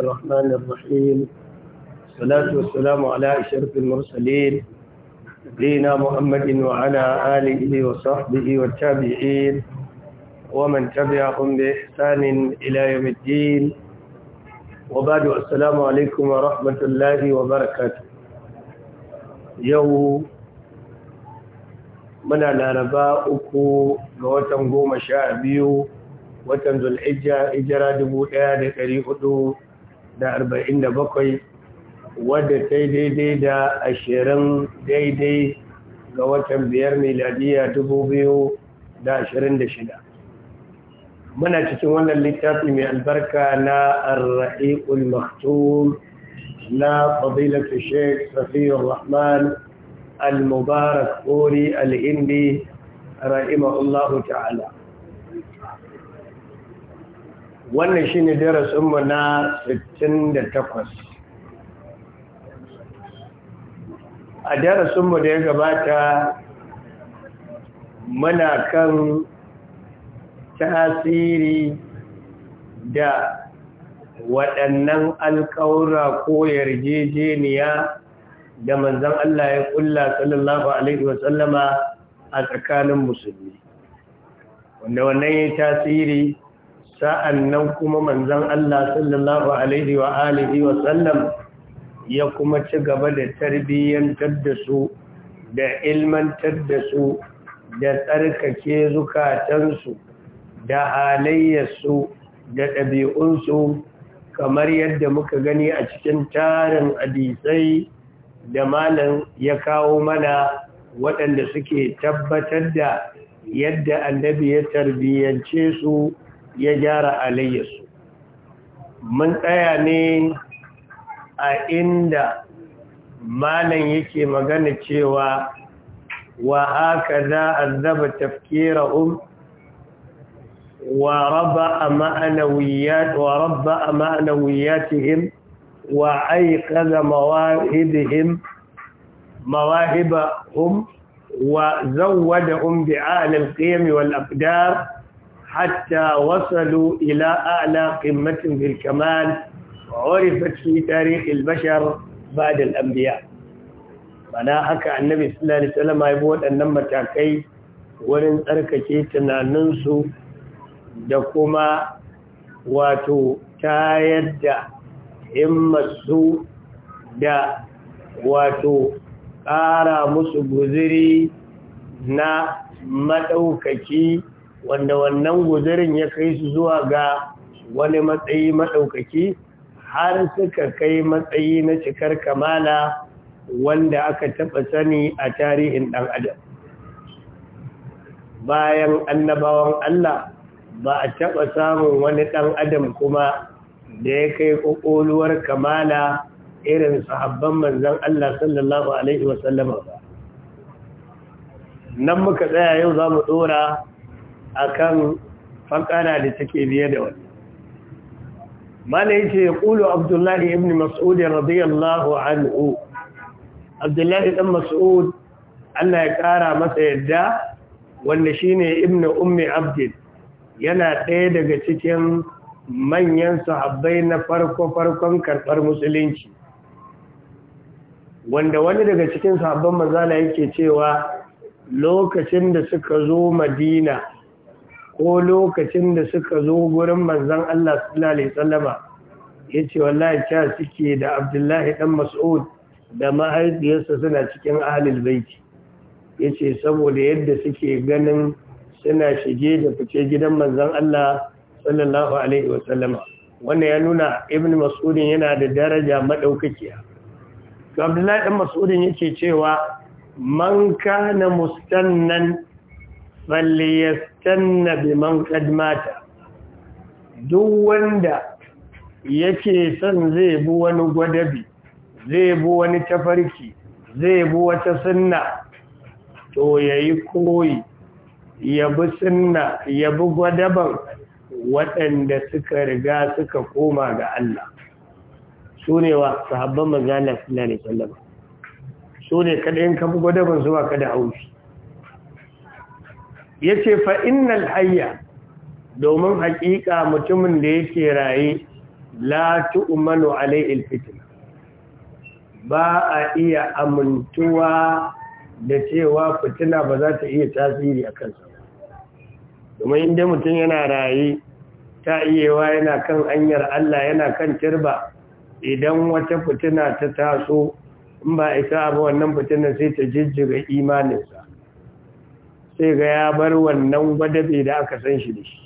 الرحمن الرحيم والصلاة والسلام على أشرف المرسلين نبينا محمد وعلى آله وصحبه والتابعين ومن تبعهم بإحسان إلى يوم الدين وبعد السلام عليكم ورحمة الله وبركاته يوم muna laraba uku ga watan goma sha biyu watan zulhijja ijira dubu ɗaya da ɗari hudu da arba'in da bakwai wadda ta yi daidai da ashirin daidai ga watan biyar miladiya dubu biyu da ashirin da shida muna cikin wannan littafi mai albarka na arra'iƙul maktum na fadilatu sheik safiyar rahman al-mubarak kori al-hindi rahimahullahu ta'ala wannan shi ne darasinmu na 68 a darasinmu da ya gabata muna kan tasiri da waɗannan alƙawura ko yarjejeniya da manzan Allah ya ƙulla sallallahu Alaihi wasallama a tsakanin musulmi wanda wannan ya tasiri sa'an nan kuma manzon Allah sallallahu alaihi wa alihi wa sallam ya kuma ci gaba da tarbiyyantar da su da ilmantar da su da tsarkake zukatansu da halayyarsu da ɗabi'unsu kamar yadda muka gani a cikin tarin hadisai da malam ya kawo mana waɗanda suke tabbatar da yadda annabi ya tarbiyyance su ya gyara su. mun tsaya ne a inda malam yake magana cewa wa haka za a zaba tafkira um wa rabba a ma'anawiyatihim wa aikaza mawahibahum wa zawwada um bi'alil qiyam wal حتى وصلوا إلى أعلى قمة بالكمال وعرفت في تاريخ البشر بعد الأنبياء mana haka annabi sallallahu alaihi wasallam waɗannan matakai wurin tsarkake tunaninsu da kuma wato tayar da himmatsu da wato ƙara musu guziri na maɗaukaki wanda wannan gudurin ya kai su zuwa ga wani matsayi maɗaukaki har suka kai matsayi na cikar kamala wanda aka taɓa sani a tarihin ɗan adam bayan annabawan Allah ba a taɓa samun wani ɗan adam kuma da ya kai ƙoƙoluwar kamala irin sahabban manzan Allah sallallahu Alaihi wasallama ba nan muka tsaya yau za mu ɗora akan fakara da take biye da wani mala yace yaqulu abdullahi ibn mas'ud radiyallahu anhu abdullahi dan mas'ud Allah ya kara masa yadda wanda shine ibn ummi abdil yana ɗaya daga cikin manyan sahabbai na farko farkon karɓar musulunci wanda wani daga cikin sahabban manzala yake cewa lokacin da suka zo madina ko lokacin da suka zo gurin manzan Allah sallallahu alaihi ya ce wallahi cha suke da Abdullahi dan Mas'ud da mahaifiyarsa suna cikin ahlul baiti ce saboda yadda suke ganin suna shige da fice gidan manzan Allah sallallahu alaihi wasallama wannan ya nuna Ibn Mas'udin yana da daraja maɗaukakiya. Abdullahi dan ya yake cewa man kana mustannan falliyastanna biman qad mata duk wanda yake son zai bi wani gwadabi zai bi wani tafarki zai bi wata sunna to yayi koyi ya bi sunna ya bi gwadaban waɗanda suka riga suka koma ga Allah su ne wa sahabban manzana sallallahu alaihi wasallam su ne kada in ka bi gwadaban su ba ka da haushi ya ce fa'innal hayya domin haƙiƙa mutumin da yake raye la tu'manu alai'il fitina ba a iya amintuwa da cewa fitina ba za ta iya tasiri a kansa domin inda mutum yana raye ta iyewa yana kan hanyar Allah yana kan turba idan wata fitina ta taso in ba isa abu wannan fitina sai ta jijjiga imaninsa sai ga ya bar wannan gwadabe da aka san shi da shi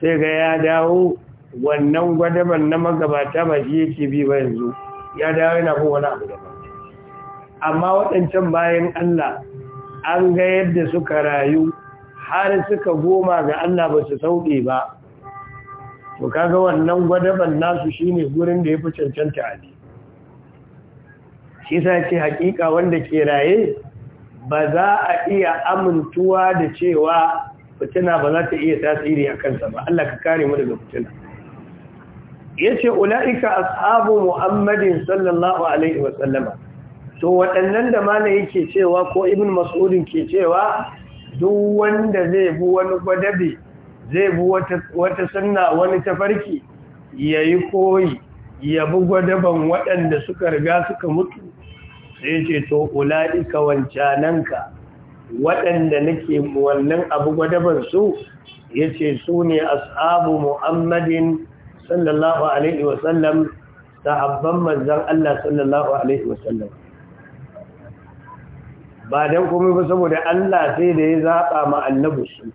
sai ga ya dawo wannan gwadaban na magabata ba shi yake bi ba yanzu ya dawo yana ko wani abu daban amma waɗancan bayan Allah an ga yadda suka rayu har suka goma ga Allah ba su sauɗe ba to kaga wannan gwadaban nasu shine gurin da ya fi cancanta a ne shi sa ce hakika wanda ke raye ba za a iya amintuwa da cewa fitina ba za ta iya tasiri a kansa ba Allah ka kare mu daga fitina yace ulaika ashabu muhammadin sallallahu alaihi wasallama to waɗannan da mana yake cewa ko ibn mas'udin ke cewa duk wanda zai bu wani gwadabi zai bu wata wata sunna wani tafarki yayi koyi ya bi gwadaban waɗanda suka riga suka mutu sai ce to ula'ika wancananka waɗanda nake wannan abu gwadaban su ya ce su ne ashabu muhammadin sallallahu alaihi wasallam sahabban manzan Allah sallallahu alaihi wasallam ba don komai ba saboda Allah sai da ya zaɓa ma annabu su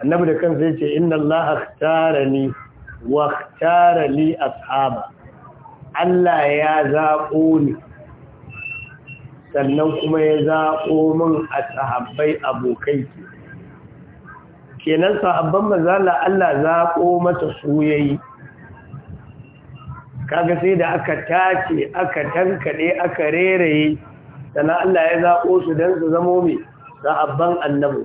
annabu da kansa ya ce inna Allah tara ni wa tara li ashaba Allah ya zaɓo ni sannan kuma ya zaƙo min a sahabbai abokai ke kenan sahabban mazala Allah zaƙo mata soyayi kaga sai da aka tace aka tankaɗe aka reraye sannan Allah ya zaɓo su don su zamo mai sahabban annabu,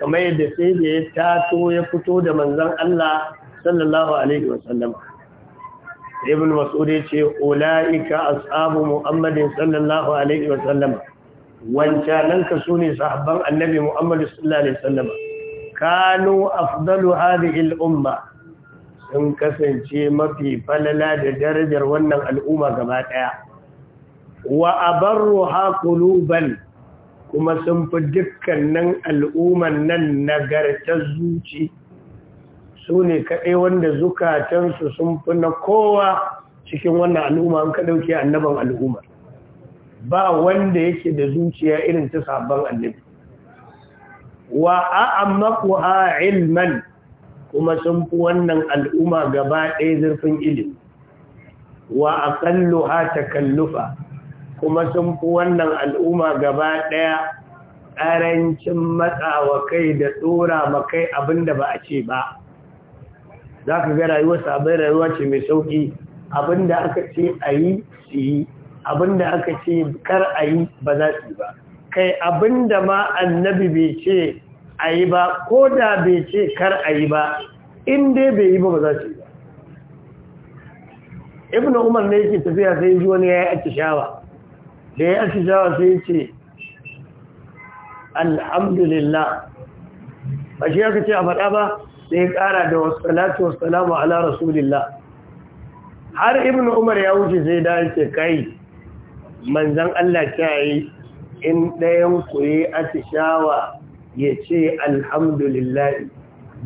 kamar yadda sai da ya tato ya fito da manzan Allah sallallahu alaihi wasallam ibn mas'ud ya ce ulaika ashabu muhammadin sallallahu alaihi wa sallama wancanan ka sune sahabban annabi muhammad sallallahu alaihi wa sallama kanu afdalu hadhihi al-umma sun kasance mafi falala da darajar wannan al'umma gaba daya wa abarruha quluban kuma sun fi dukkanin al'umman nan nagartar zuci. su ne kaɗai wanda zukatansu sun fi na kowa cikin wannan al'umma an ka annaban al'umma ba wanda yake da zuciya irin ta sabon annabi wa a'ammaquha ilman kuma sun fi wannan al'umma gaba ɗaya zurfin ilimi wa a ta takallufa kuma sun fi wannan al'umma gaba ɗaya ƙarancin matsawa kai da tsora makai abinda ba a ce ba za ka ga rayuwar sabai rayuwa ce mai sauƙi abinda aka ce a yi su yi abinda aka ce kar a yi ba za su yi ba kai abinda ma annabi bai ce a yi ba ko da bai ce kar a yi ba in dai bai yi ba ba za su yi ba ibn umar ne yake tafiya sai ji wani ya yi atishawa da ya yi atishawa sai ce alhamdulillah ba shi aka ce a faɗa ba sai ya kara da wasu salatu ala rasulillah har ibn umar ya wuce sai da yake kai manzan Allah kiyaye in ɗayan ku yi atishawa ya ce alhamdulillah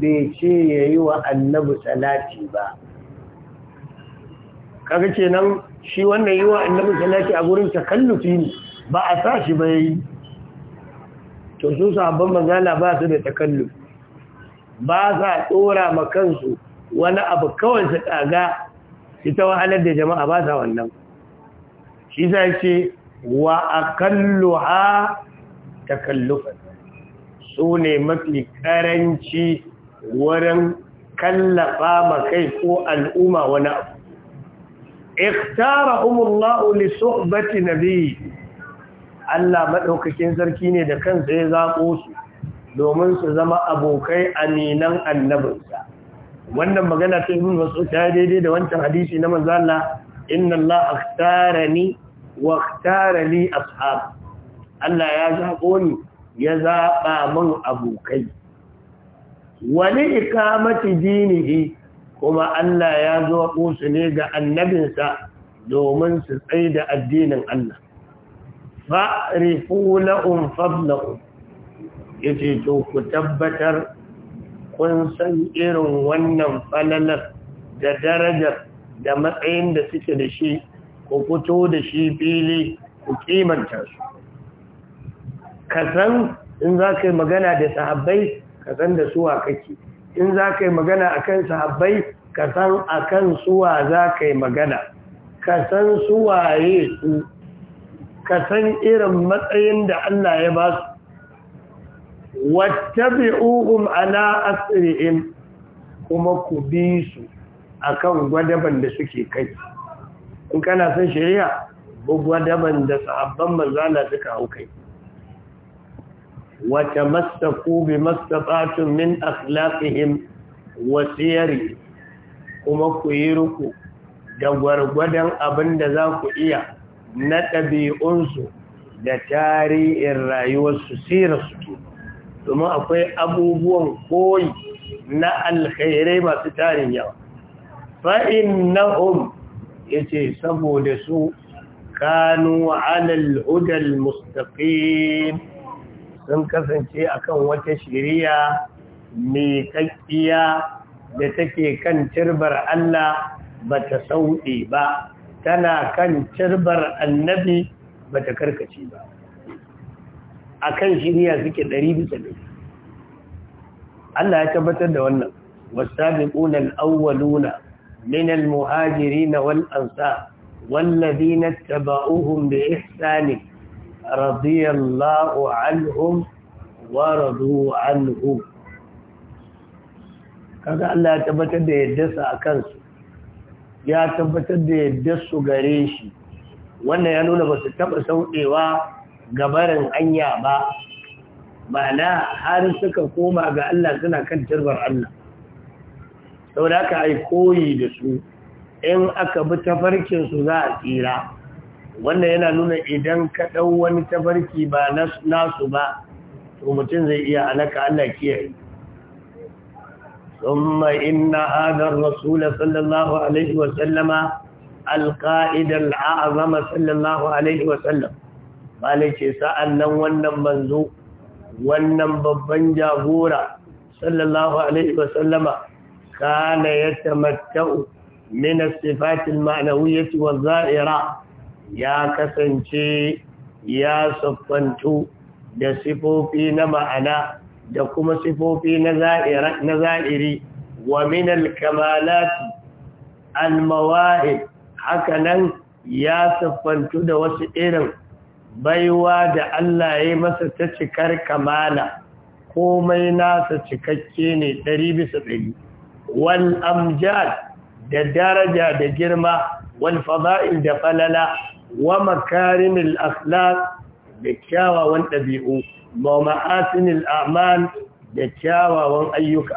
bai ce ya yi wa annabi salati ba kaga ce nan shi wannan yi wa annabi salati a gurin takallufi ne ba a sa shi ba yi to su sabon manzala ba su da takallufi ba sa tsora ma kansu wani abu kawai su ƙaga shi ta wahalar da jama'a ba sa wannan shi sa ce wa a kallo ta takallufan su ne mafi karanci wurin kallafa ma kai ko al'umma wani abu ikhtara umullahu li suhbati biyu Allah maɗaukakin sarki ne da kansa ya zaɓo su domin su zama abokai aminan annabinsa wannan magana ta ibn mas'ud ta daidai da wancan hadisi na manzo Allah inna Allah akhtarani wa akhtara li ashab Allah ya zabo ni ya zaɓa min abokai wani ikamati dinihi kuma Allah ya zabo su ne ga annabinsa domin su tsaida addinin Allah fa'rifu lahum fadlahum ya ce to ku tabbatar kun san irin wannan falalar da darajar da matsayin da suke da shi ku fito da shi fili ku kimanta su ka san in za ka yi magana da sahabbai ka san da suwa kake in za ka yi magana a kan sahabbai ka san a kan suwa za ka yi magana ka san suwaye su ka san irin matsayin da Allah ya ba su wattabi'uhum ala asri'in kuma ku bi su akan gwadaban da suke kai in kana san shari'a gwadaban da sahabban manzala suka hau kai wata mastaku bi mastafatun min akhlaqihim wa siyari kuma ku yi ruku da gwargwadon abin da za ku iya na ɗabi'unsu da tarihin rayuwarsu sirarsu su domin akwai abubuwan koyi na alkhairai masu tarin yawa fa'in na'um ya ce saboda su kanu alal hudal mustaqim sun kasance akan wata shiriya mai kakkiya da take kan cirbar Allah ba ta sauɗe ba tana kan cirbar annabi ba ta karkace ba akan shiriya suke 100 bisa 100 Allah ya tabbatar da wannan wasabiquna alawwaluna min almuhajirin wal ansar والذين اتبعوهم بإحسان رضي الله عنهم ورضوا عنه kaga Allah ya tabbatar da yaddarsa a kansu ya tabbatar da yaddarsu gare shi wannan ya nuna ba su taɓa sauɗewa gabarin anya ba ma'ana har suka koma ga Allah suna kan turbar Allah sau da aka yi koyi da su in aka bi tafarkinsu za a tsira wannan yana nuna idan ka ɗau wani tafarki ba nasu ba to mutum zai iya alaka Allah kiyaye ثم إن هذا الرسول صلى الله عليه وسلم القائد الأعظم صلى الله عليه وسلم malai ce sa'an nan wannan manzo wannan babban jagora sallallahu alaihi wasallama kana yatamatta'u min as-sifatil ma'nawiyyati wa zaira ya kasance ya saffantu da sifofi na ma'ana da kuma sifofi na za'iri wa min al-kamalati al hakanan ya saffantu da wasu irin baiwa da Allah ya yi masa ta cikar kamala komai nasa cikakke ne ɗari bisa ɗari wal amjad da daraja da girma wal fada'il da falala wa makarimil akhlaq da kyawawan ɗabi'u ma ma'asinil a'mal da kyawawan ayyuka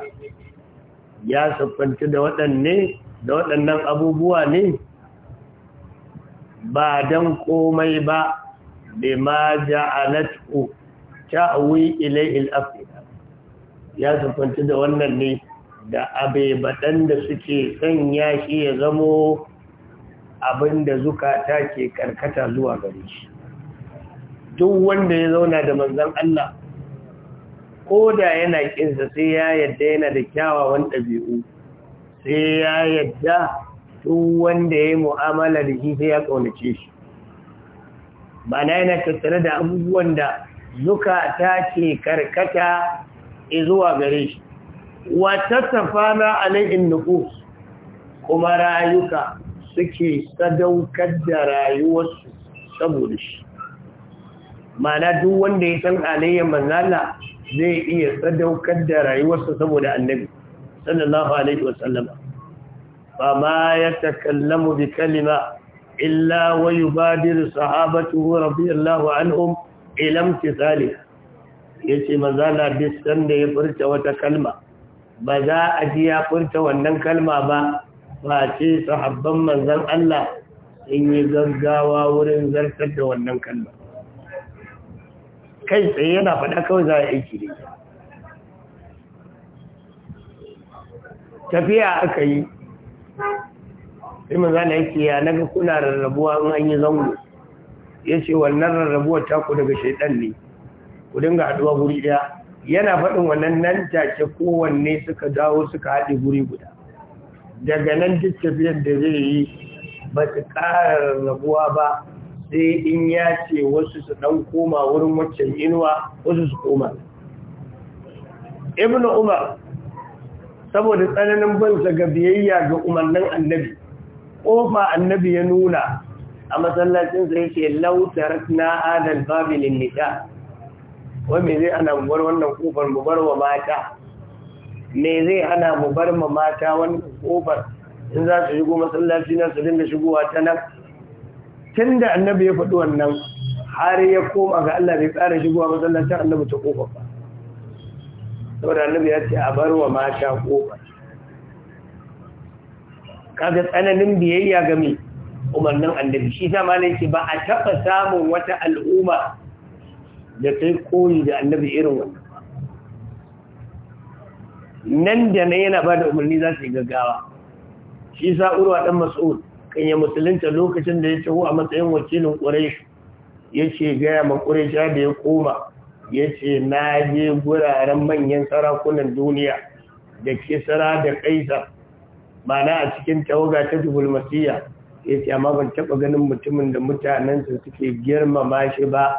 ya siffanta da waɗanne da waɗannan abubuwa ne ba dan komai ba bima ja'alathu ta'wi ilayhi al-afida ya sufanta da wannan ne da abe badan da suke sanya shi ya zamo abinda zukata ke karkata zuwa gare shi duk wanda ya zauna da manzon Allah ko da yana ƙinsa sai ya yadda yana da kyawawan ɗabi'u sai ya yadda duk wanda ya yi mu'amala da shi sai ya ƙaunace shi ma'ana yana tattare da abubuwan da ta ke karkata zuwa gare shi wata tafana alaihin nufus kuma rayuka suke sadaukar da rayuwarsu saboda shi ma'ana duk wanda ya san alayyar manzala zai iya sadaukar da rayuwarsa saboda annabi sallallahu alaihi wasallama ba ma ya takallamu bi kalima illa wa yubadiru sahabatuhu radiyallahu anhum ila imtithali yace manzo Allah duk ya furta wata kalma ba za a ji ya furta wannan kalma ba ba ce sahabban manzon Allah in yi gaggawa wurin zartar da wannan kalma kai tsaye yana faɗa kawai za a aiki da tafiya aka yi sai manzo yake ya naga kuna rarrabuwa in an yi zango yace wannan rarrabuwar ta ku daga shaytan ne ku dinga haduwa guri daya yana faɗin wannan nan take kowanne suka dawo suka haɗe guri guda daga nan duk tafiyar da zai yi ba su ƙara rarrabuwa ba sai in ya ce wasu su ɗan koma wurin waccan inuwa wasu su koma ibnu umar saboda tsananin bansa ga biyayya ga umarnin annabi kofa annabi ya nuna a matsalacin sa ke lautar na adal babilin nita wani me zai ana mu bar wannan kofar mu bar wa mata me zai ana mu bar ma mata wannan kofar in za su shigo masallaci na su dinga shigowa ta nan tun da annabi ya faɗi wannan har ya koma ga Allah bai ƙara shigowa masallacin annabi ta kofar ba saboda annabi ya ce a bar wa mata kofar kaga tsananin biyayya ga mai umarnin annabi shi zama ne ce ba a taɓa samun wata al'umma da ta yi koyi da annabi irin wannan nan da nan yana ba da umarni za su yi gaggawa shi urwa ɗan mas'ud kan yi musulunta lokacin da ya taho a matsayin wakilin ƙureshi ya ce gaya ma ƙureshi da ya koma ya ce na je guraren manyan sarakunan duniya da kisara da kaisar ma'ana a cikin tawaga ta dubulmasiya ya ce amma ban taɓa ganin mutumin da mutanensa suke girmama shi ba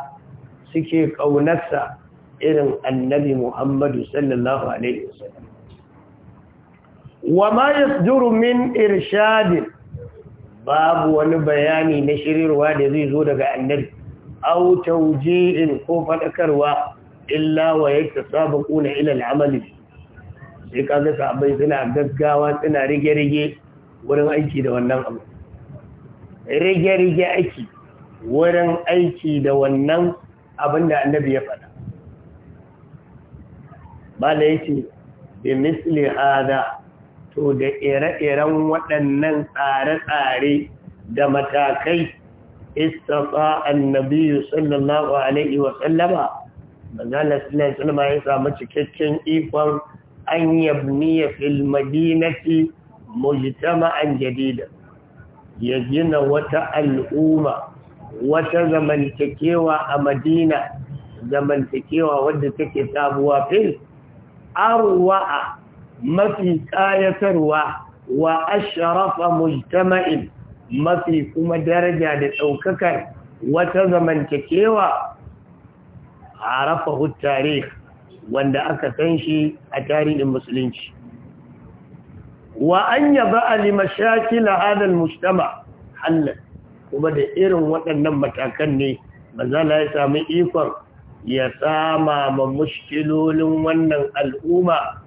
suke ƙaunarsa irin annabi muhammadu sallallahu alaihi wa ma min irshadin babu wani bayani na shirirwa da zai zo daga annabi au tawji'in ko faɗakarwa, illa wa sabon ila ilal amali sai ka ga abin suna gaggawa suna rige-rige wurin aiki da wannan abu rige-rige aiki wurin aiki da wannan abin da annabi ya faɗa ba da yake bi misli hada to da ire-iren waɗannan tsare-tsare da matakai istafa annabi sallallahu alaihi wasallama manzana sallallahu alaihi wasallama ya samu cikakken ikon an yabniya fil madinati mujtama'an jadida ya gina wata al'umma wata zamantakewa a madina zamantakewa wadda take sabuwa fil a mafi kayatarwa wa asharafa mujtama'in mafi kuma daraja da ɗaukakar wata zamantakewa a rafa tarihi wanda aka san shi a tarihin musulunci wa an yaba limashakil hadal mujtama halal kuma da irin waɗannan matakan ne la ya sami ikon ya sama ma mushkilolin wannan al'umma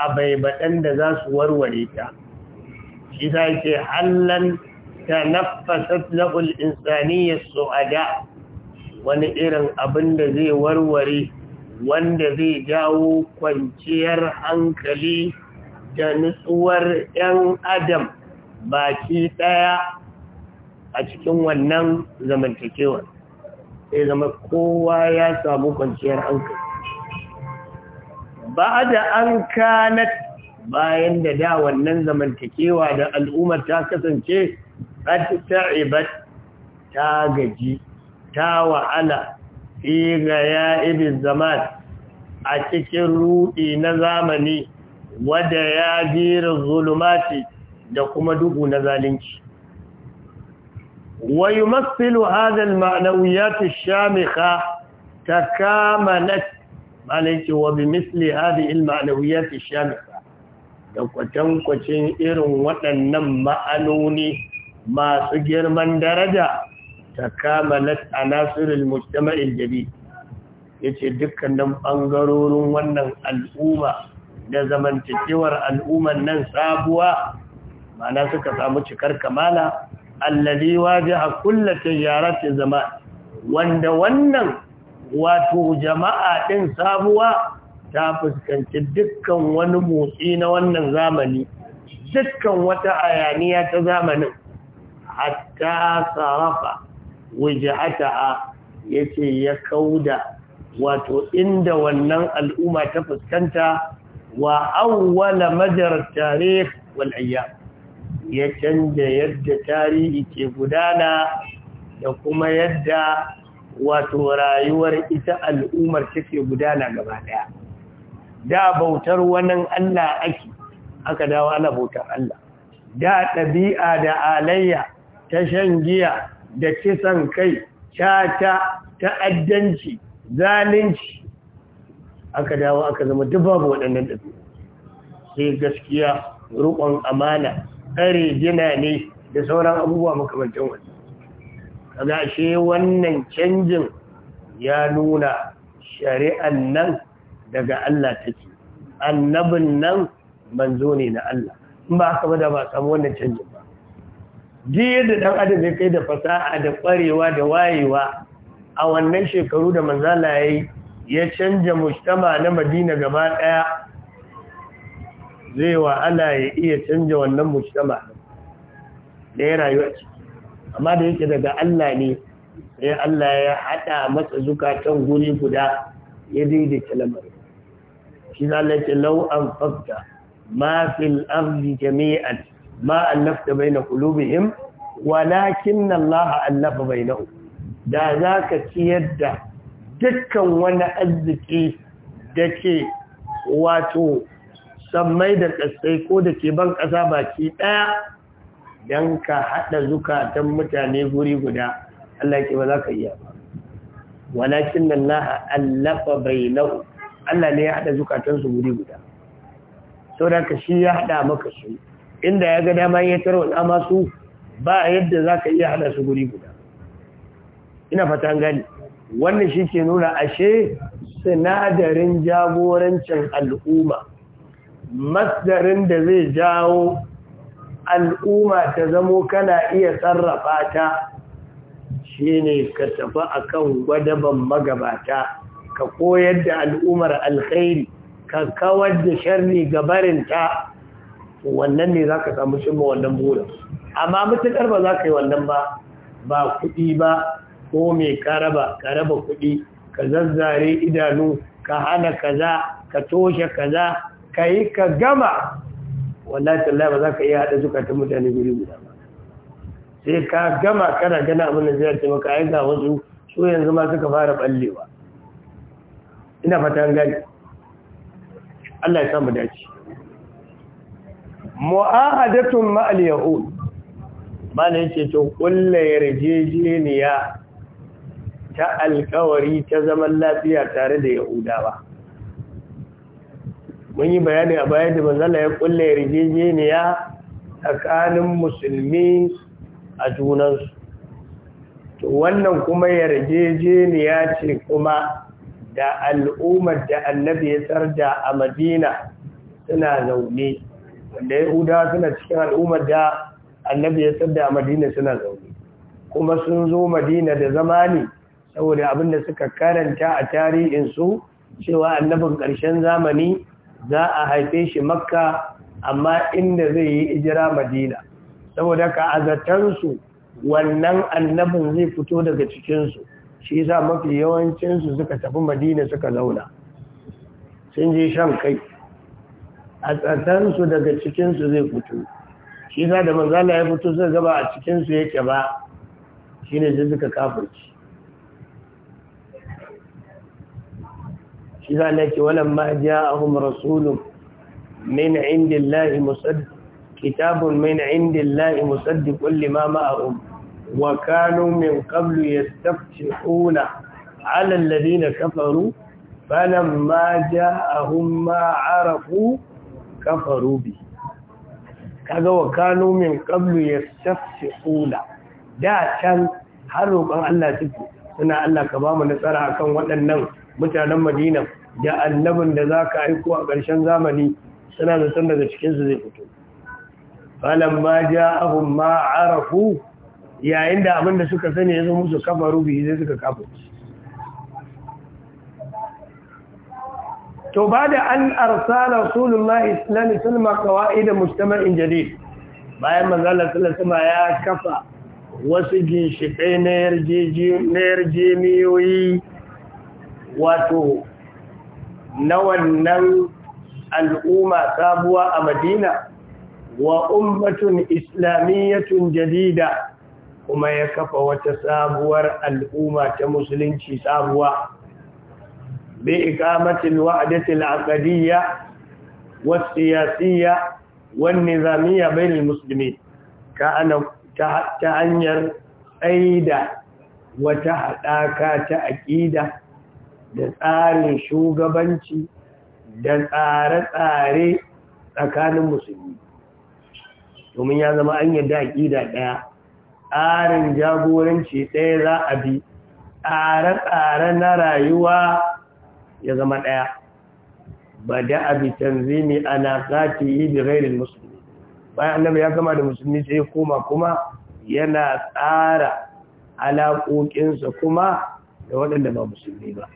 a baibaɗan da za su warware ta shi za ce hallan ta nafasat lahul insaniyar su'ada wani irin abin da zai warware wanda zai jawo kwanciyar hankali da nutsuwar 'yan adam baki ɗaya a cikin wannan zamantakewar sai zama kowa ya samu kwanciyar hankali ba da an kanat bayan da da wannan zamantakewa da al'ummar ta kasance ta ibat ta gaji ta wa'ala fi ga ibi zaman a cikin ruɗi na zamani wadda ya jira zulumati da kuma duhu na zalunci yi matsilu hadal ma'anawiyatu shamika ta kama na malinci wa bi misli hadi ilma'anawiyatu shamika da kwatankwacin irin waɗannan ma'anoni masu girman daraja takamalat anasirul mujtama'il jadid yace dukkanin bangarorin wannan al'umma da zamantakewar al'umman nan sabuwa mana suka samu cikar kamala allazi wajaha kullu tijaratin zaman wanda wannan wato jama'a din sabuwa ta fuskanci dukkan wani motsi na wannan zamani dukkan wata ayaniya ta zamanin hatta sarafa a yake ya kauda wato inda wannan al'umma ta fuskanta wa awwala majar tarih wal ayyam ya canja yadda tarihi ke gudana da kuma yadda wato rayuwar ita al'ummar take gudana gaba daya da bautar wannan Allah ake aka dawo ana bautar Allah da ɗabi'a da alayya ta shan giya da kisan kai cata ta'addanci zalunci aka dawo aka zama dubabu babu waɗannan sai gaskiya rukon amana ƙare gina ne da sauran abubuwa makamantan wani kaga shi wannan canjin ya nuna shari'an nan daga Allah take annabin nan manzo ne na Allah in ba haka ba da ba samu wannan canjin duk yadda ɗan adam ya kai da fasaha da ƙwarewa da wayewa a wannan shekaru da manzala ya yi ya canja mustama na madina gaba ɗaya zai wa ana ya iya canja wannan mustama da ya rayu a amma da yake daga Allah ne sai Allah ya haɗa masa zukatan guri guda ya daidaita lamarin shi za a lau an fakta ma fil jami'an ma allafta baina qulubihim walakin Allah allafa bainahu da zaka ciyar da dukkan wani arziki dake wato sammai da kasai ko dake ban ƙasa baki ɗaya dan ka hada zukatan mutane guri guda Allah ke ba za ka iya ba walakin Allah allafa bainahu Allah ne ya hada zukatansu guri guda ka shi ya haɗa maka su inda ya ga dama ya tarwata masu ba yadda za ka iya hada su guri guda ina fatan gani wannan shi ke nuna ashe sinadarin jagorancin al'umma masdarin da zai jawo al'umma ta zamo kana iya sarrafa ta shi ne ka tafi a kan gwadaban magabata ka koyar da al'ummar alkhairi ka kawar da sharri gabarinta wannan ne za ka samu cimma wannan bola amma mutukar ba za ka yi wannan ba ba kuɗi ba ko mai karaba karaba kuɗi ka zazzare idanu ka hana kaza ka toshe kaza ka yi ka gama wallahi tallahi ba za ka iya haɗa zukatan mutane guri guda ba sai ka gama kana gana abin da zai taimaka ai ga wasu su yanzu ma suka fara ballewa ina fatan gani Allah ya samu dace mu'ahadatun ma'al yahud ne yake to kulla yarjejeniya ta alkawari ta zaman lafiya tare da yahudawa mun yi bayani a bayan da manzala ya kulla yarjejeniya tsakanin musulmi a junansu to wannan kuma yarjejeniya ce kuma da al'ummar da annabi ya tsar a madina suna zaune da yahuda suna cikin al'ummar da annabi ya tsada a madina suna zaune kuma sun zo madina da zamani saboda abin da suka karanta a tarihinsu cewa annabin ƙarshen zamani za a haife shi makka amma inda zai yi ijira madina saboda ka azatansu wannan annabin zai fito daga cikinsu shi sa mafi yawancinsu suka tafi madina suka zauna sun je shan kai a tsakansu daga cikinsu zai fito shi za da manzala ya fito zai gaba a cikinsu yake ba shi ne zai suka kafirci shi za na ke walan ma ja ahun rasulun min indin lahi musaddi kitabun min indin lahi musaddi kulli ma ma'ahun wa kanu min qablu yastaftihuna ala alladhina kafaru falamma ja'ahum ma 'arafu kafaru bi kaga wa kanu min qablu yastafsiquna da can har roƙon Allah suke suna Allah ka ba mu nasara akan waɗannan mutanen Madina da annabin da zaka aiko a ƙarshen zamani suna zaton daga cikin su zai fito falam ma ja'ahum ma arafu yayin da abin da suka sani ya musu kafaru bi sai suka shi to ba da an arsala rasulullahi sallallahu alaihi wasallam qawaid mujtama'in jadid bayan manzala sallallahu ya kafa wasu ginshiƙai na yarjejeniyoyi wato na wannan al'umma sabuwa a madina wa ummatun islamiyyatun jadida kuma ya kafa wata sabuwar al'umma ta musulunci sabuwa بإقامة الوعدة العقدية والسياسية والنظامية بين المسلمين كأن تعنير أيدا وتحتاكا تأكيدا دسار شوق شوغبانشي دسار ساري أكان المسلمين ومن ya أن an yadda aƙida ɗaya tsarin jagoranci ɗaya za a bi tsare-tsare na rayuwa ya zama ɗaya ba da abi tanzimi ana kati yi bi gairin musulmi bayan annabi ya gama da musulmi sai ya koma kuma yana tsara alaƙoƙinsa kuma da waɗanda ba musulmi ba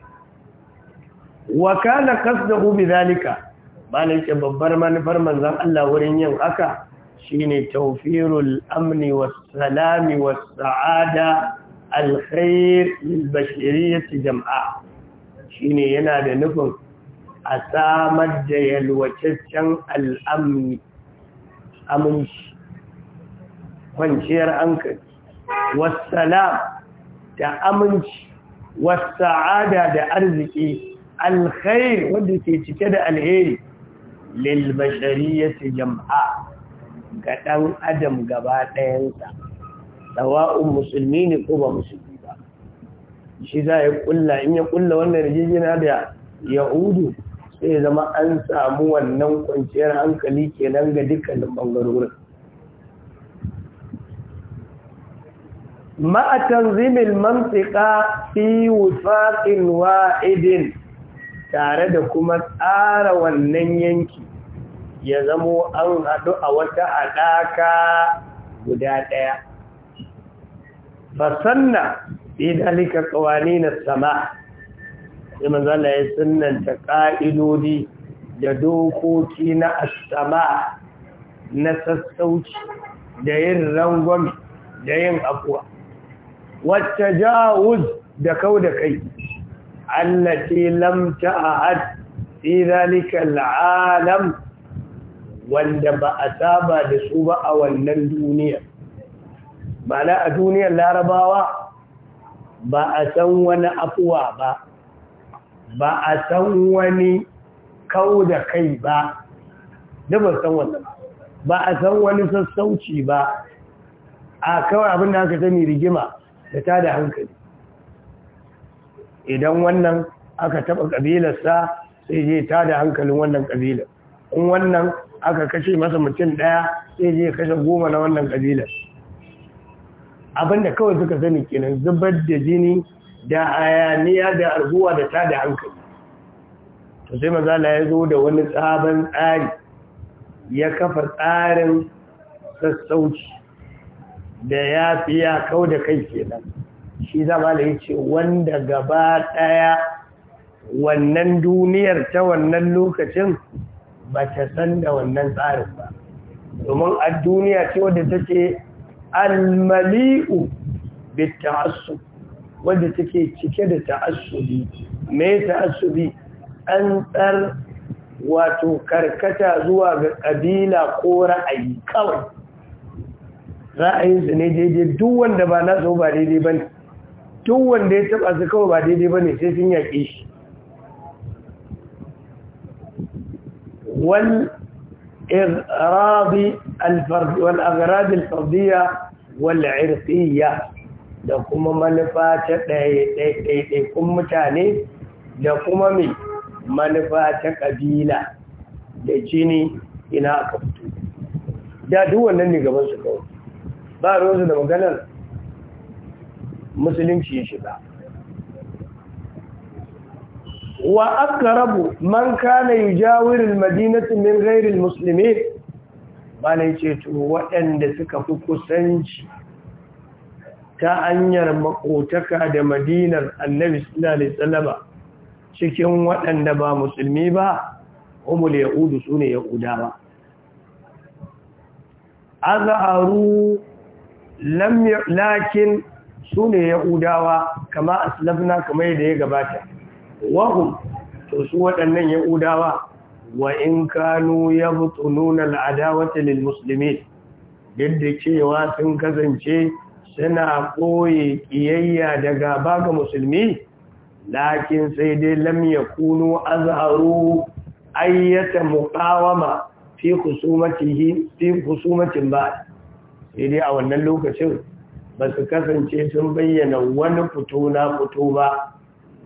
wa kana qasduhu bi zalika malai ce babbar manufar manzon Allah wurin yin haka shine tawfirul amni was salami was sa'ada alkhair lil bashariyyati jam'a shine yana da nufin a samar da yalwacaccen al'amni aminci kwanciyar hankali wassalam da aminci wasa'ada da arziki alkhairi, wanda ke cike da alheri lil jam'a ga ɗan adam gaba ɗayansa sawa'un musulmi ne ko ba musulmi shi za ya kulla in ya kulla wannan rijijina da yahudu sai zama an samu wannan kwanciyar hankali ke nan ga dukkanin bangarorin ma'a zimil mantika fi wufaƙin wa'idin tare da kuma tsara wannan yanki ya zamo an haɗu a wata haɗaka guda ɗaya fasanna fi dalika qawanin as-sama sai manzo Allah ya sunnanta ƙa'idodi da dokoki na as-sama na sassauci da yin rangwami da yin afuwa wata jawuz da kau da kai allati lam ta'ad fi zalika al'alam wanda ba a saba da su ba a wannan duniya ba na a duniyar larabawa ba a san wani afuwa ba ba a san wani kau da kai ba da ba san wannan ba a san wani sassauci ba a kawai abin da aka sani rigima da ta da hankali idan wannan aka taba ƙabilarsa sai je ta da hankalin wannan kabilar in wannan aka kashe masa mutum ɗaya sai je kashe goma na wannan ƙabilar abinda kawai suka sani kenan zubar da jini da ayaniya da arguwa da ta da hankali to sai mazala ya zo da wani tsaban tsari ya kafa tsarin sassauci da ya fi ya kau da kai kenan shi zama da ya ce wanda gaba ɗaya wannan duniyar ta wannan lokacin ba ta san da wannan tsarin ba domin a duniya ce wadda take almali'u bit ta'assub wanda take cike da ta'assubi me ta'assubi an tsar wato karkata zuwa ga kabila ko ra'ayi kawai ra'ayinsu ne daidai duk wanda ba na so ba daidai ba duk wanda ya taba su kawai ba daidai bane ne sai sun yaƙe shi wal إغراض الفرد والأغراض الفردية والعرقية da kuma manufa ta kun mutane da kuma mai manufa ta ƙabila da jini ina aka fito da duk ne gabansu kawai ba rozu da maganar musulunci ya shiga wa aka rabu man kana yi jawirin min gairin musulmi ba ce to waɗanda suka fi kusanci ta hanyar makotaka da madinar annabi sinale tsalaba cikin waɗanda ba musulmi ba umul Ya'udu su ne yahuda ba lam lakin su Ya'udawa yahudawa kama aslabna kuma da ya gabata wahum to su waɗannan yahudawa wa in kanu yabtununa al'adawata lil muslimin yadda cewa sun kasance suna koyi ƙiyayya daga baga ga musulmi lakin sai dai lam yakunu azharu ayyata muqawama fi khusumatihi fi khusumatin ba sai dai a wannan lokacin ba su kasance sun bayyana wani fito na fito ba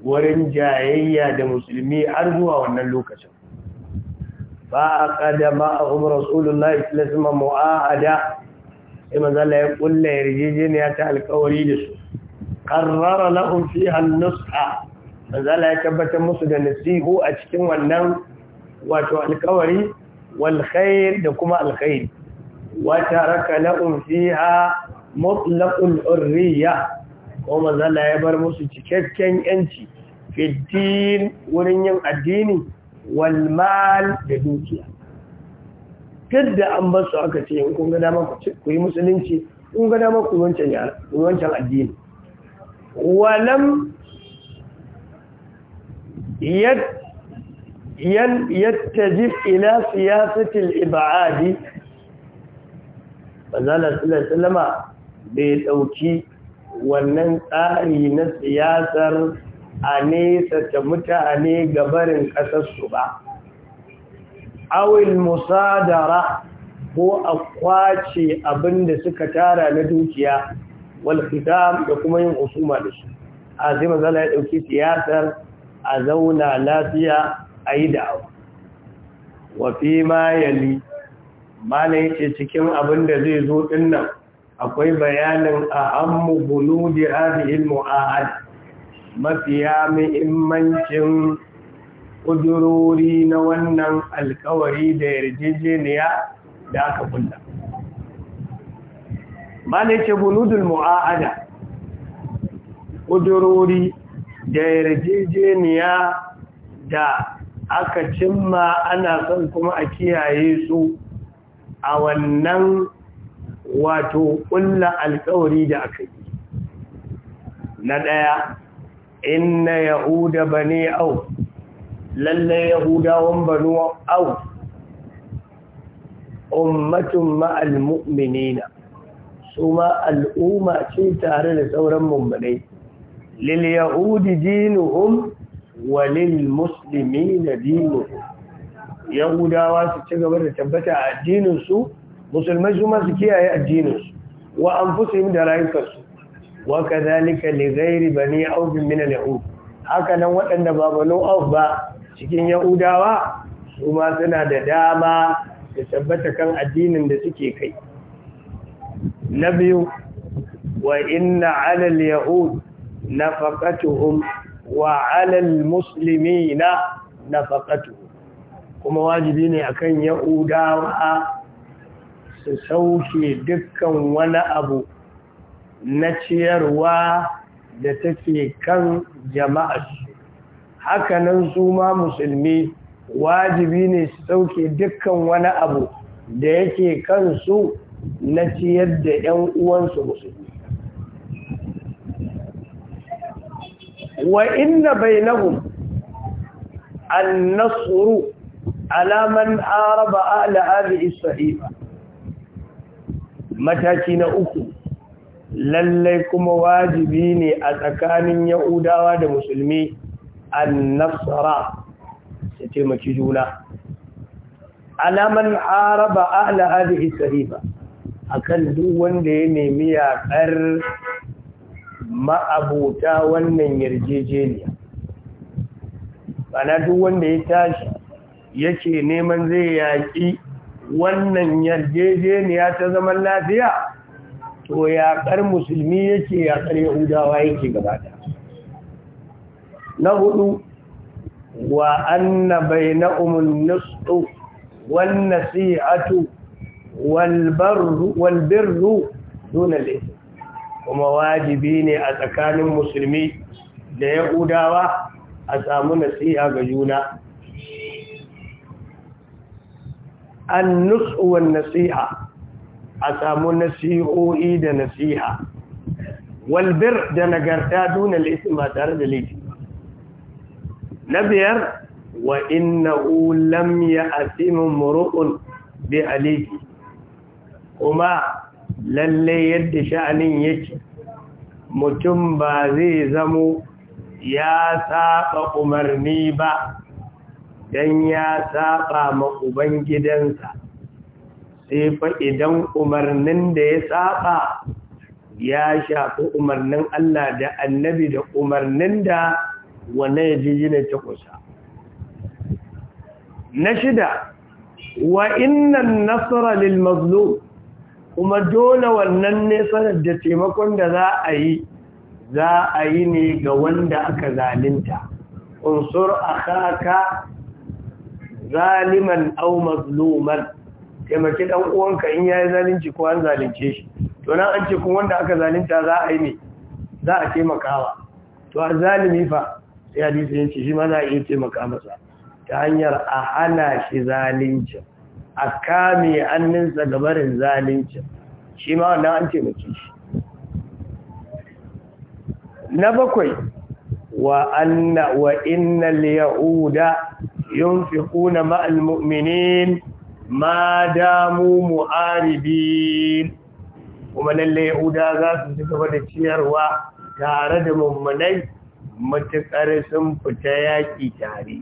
wurin jayayya da musulmi har zuwa wannan lokacin ba a kadama a umar rasulullah islasima mu'ahada sai manzala ya kulla yarjejeniya ta alkawari da su karrara lahum fi an-nus'a ya tabbatar musu da nasihu a cikin wannan wato alkawari wal da kuma alkhair wata raka lahum fiha mutlaqul hurriya ko manzo Allah ya bar musu cikakken yanci fitin wurin yin addini wal mal da dukiya kada an ba su aka ce in kun ga dama ku yi musulunci kun ga dama ku wancan wancan addini walam yattajib ila siyasatil ibadi manzala sallallahu alaihi Sallama bai dauki wannan tsari na siyasar a nesa ta mutane gabarin ƙasarsu ba awil musadara ko a kwace abin da suka tara na dukiya wal ta da kuma yin usuma da shi a zai mazala ya ɗauki siyasar a zauna lafiya a yi da awa. wafi ma yali mana yake cikin abin da zai zo ɗin nan akwai bayanin a ammu buludi hadhihi mu'ahad mafiya muhimmancin ƙudurori na wannan alkawari da yarjejeniya da aka kulla. Ba ne ce buludul ƙudurori da yarjejeniya da aka cimma ana son kuma a kiyaye su a wannan wato ƙulla alƙawari da aka yi na ɗaya inna yahuda ne au lalle yahudawan banu au ummatun ma'al mu'minina su ma al'umma ce tare da sauran mummunai lil yahudi dinuhum wa lil na dinuhum yahudawa su ci gaba da tabbata a addininsu musulmai su masu kiyaye addininsu wa yi da rayukansu wa kadhalika li ghairi ya auf min al yahud haka nan waɗanda ba auf ba cikin yahudawa su ma suna da dama da tabbata kan addinin da suke kai na biyu wa inna ala na na nafaqatuhum wa ala na na nafaqatuhum kuma wajibi ne akan yahudawa su sauke dukkan wani abu na ciyarwa da take kan jama'a hakanan su ma musulmi wajibi ne su sauke dukkan wani abu da yake kansu na ciyar da 'yan uwansu musulmi wa inna bainahum an-nasru ala man araba ala hadhihi as mataki na uku lallai kuma wajibi ne a tsakanin yahudawa da musulmi an nasara su taimaki juna alaman araba ala hadhihi sahifa akan duk wanda ya nemi yaƙar ma'abuta wannan yarjejeniya bana duk wanda ya tashi yake neman zai yaƙi wannan yarjejeniya ta zaman lafiya to yaƙar musulmi yake yaƙar yahudawa yake gabata na hudu wa anna bainahum nusu wan nasi'atu wal barru wal birru dun kuma wajibi ne a tsakanin musulmi da yahudawa a samu nasiha ga juna An wan nasiha a samu nasiho'i da nasiha walbir da nagarta duna laifin ba tare da laifi na biyar wa inna lam ya asimin muru'un bi alifi kuma lalle yadda sha'anin yake mutum ba zai zamo ya saba umarni ba dan ya saba ma ubangidansa sai fa idan umarnin da ya saba ya shafi umarnin Allah da annabi da umarnin da wannan ya ji ta kusa na shida wa innan nasara lil mazlum kuma dole wannan ne sanar da taimakon da za a yi za a yi ne ga wanda aka zalinta unsur akhaka zaliman aw mazluman taimaki dan uwanka in yayi zalunci ko an zalunce shi to nan an ce kun wanda aka zalunta za a yi ne za a taimakawa to a zalimi fa sai hadisi yace shi ma za a iya taimaka masa ta hanyar a hana shi zalunci a kame anninsa gabarin zalunci shi ma wannan an taimake shi na bakwai wa anna wa innal yahuda yunfiquna ma'al mu'minin ma damu mu'aribin kuma lallai yahuda za su ci gaba da ciyarwa tare da mummunai matuƙar sun fita yaƙi tare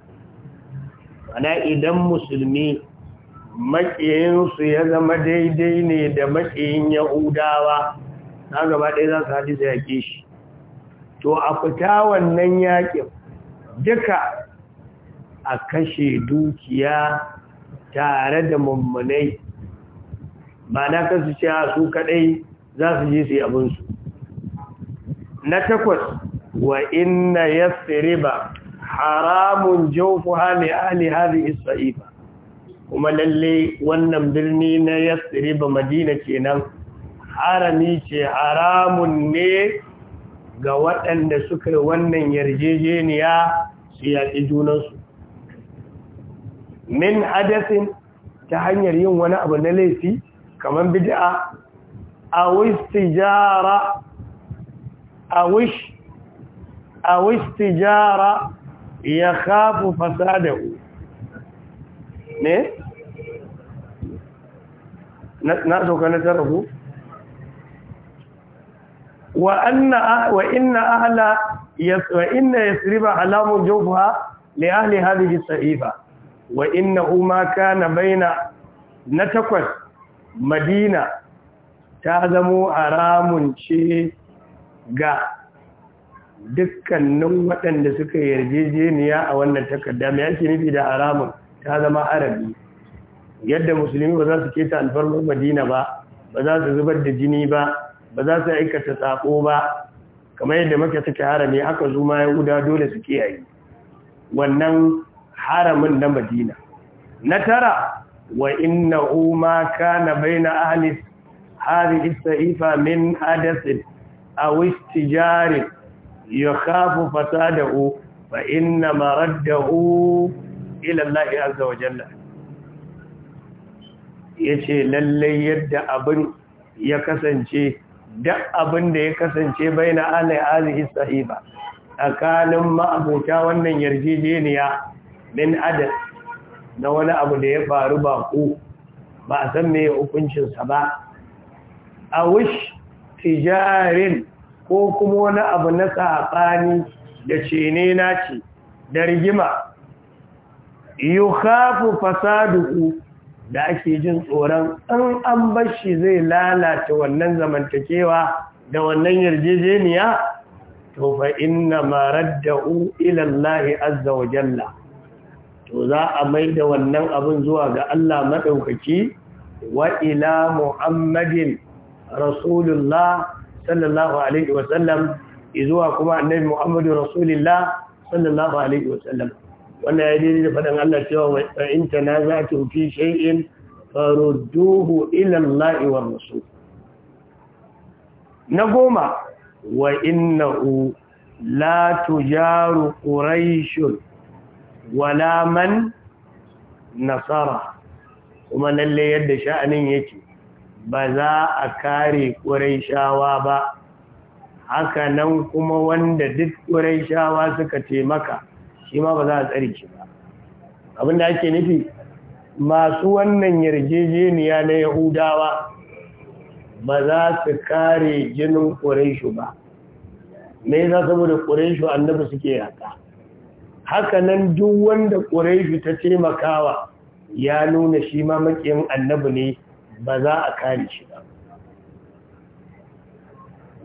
ana idan musulmi maƙiyinsu ya zama daidai ne da maƙiyin yahudawa na gaba ɗaya za su haɗu da yaƙe shi to a fita wannan yaƙin duka a kashe dukiya tare da mummunai ba na kasu cewa su kadai za su je su yi abinsu na takwas wa inna yasriba haramun Jaufu hali ahli hali as kuma lalle wannan birni na yasriba madina kenan harami ce haramun ne ga waɗanda suka wannan yarjejeniya su yaƙi junansu min hadasin ta hanyar yin wani abu na laifi kamar bid'a awish tijara awish awish tijara ya khafu fasadahu ne na sauka na tarahu wa anna wa inna ahla wa inna yasriba alamu jawfaha li ahli wa inna ma kana baina na takwas madina ta zamo haramun ce ga dukkanin waɗanda suka yarjejeniya a wannan takarda mai yake nufi da haramun ta zama arabi yadda musulmi ba za su keta alfarmar madina ba ba za su zubar da jini ba ba za su aikata tsako ba kamar yadda maka suke harami aka zuma ya guda dole su kiyaye wannan haramin na madina na tara wa inna ma na bai na hadhihi as-sa'ifa min adasin a wisti ya kafu istijar yakhafu fasadahu fa inna maraddahu ila Allah azza wa jalla yace lallai yadda abin ya kasance duk abin da ya kasance baina na hadhihi as tsakanin ma'abuta wannan yarjejeniya min adad na wani abu da ya faru ba ku ba a san me hukuncinsa ba a wish tijarin ko kuma wani abu na saɓani da cene na ce da rigima yi hafi ku, da ake jin tsoron an an bashi zai lalata wannan zamantakewa da wannan yarjejeniya to fa inna marar ila ilallahi azza wa jalla to za a mai da wannan abin zuwa ga Allah maɗaukaki wa ila muhammadin rasulullah sallallahu alaihi wasallam izuwa kuma annabi muhammadu rasulullah sallallahu alaihi wasallam wannan ya daidai da faɗin Allah cewa wa in ta fi shay'in farudduhu ila Allah wa rasul na goma wa u la tujaru quraishun wala man nasara kuma lalle yadda sha'anin yake ba za a kare ƙuraishawa ba haka nan kuma wanda duk ƙuraishawa suka taimaka shi ma ba za a tsare shi ba abinda ake nufi masu wannan yarjejeniya na yahudawa ba za su kare jinin ƙuraishu ba me za saboda ƙuraishu annabi suke yaka haka nan duk wanda ƙuraishi ta taimakawa ya nuna shi ma maƙiyin annabi ne ba za a kare shi ba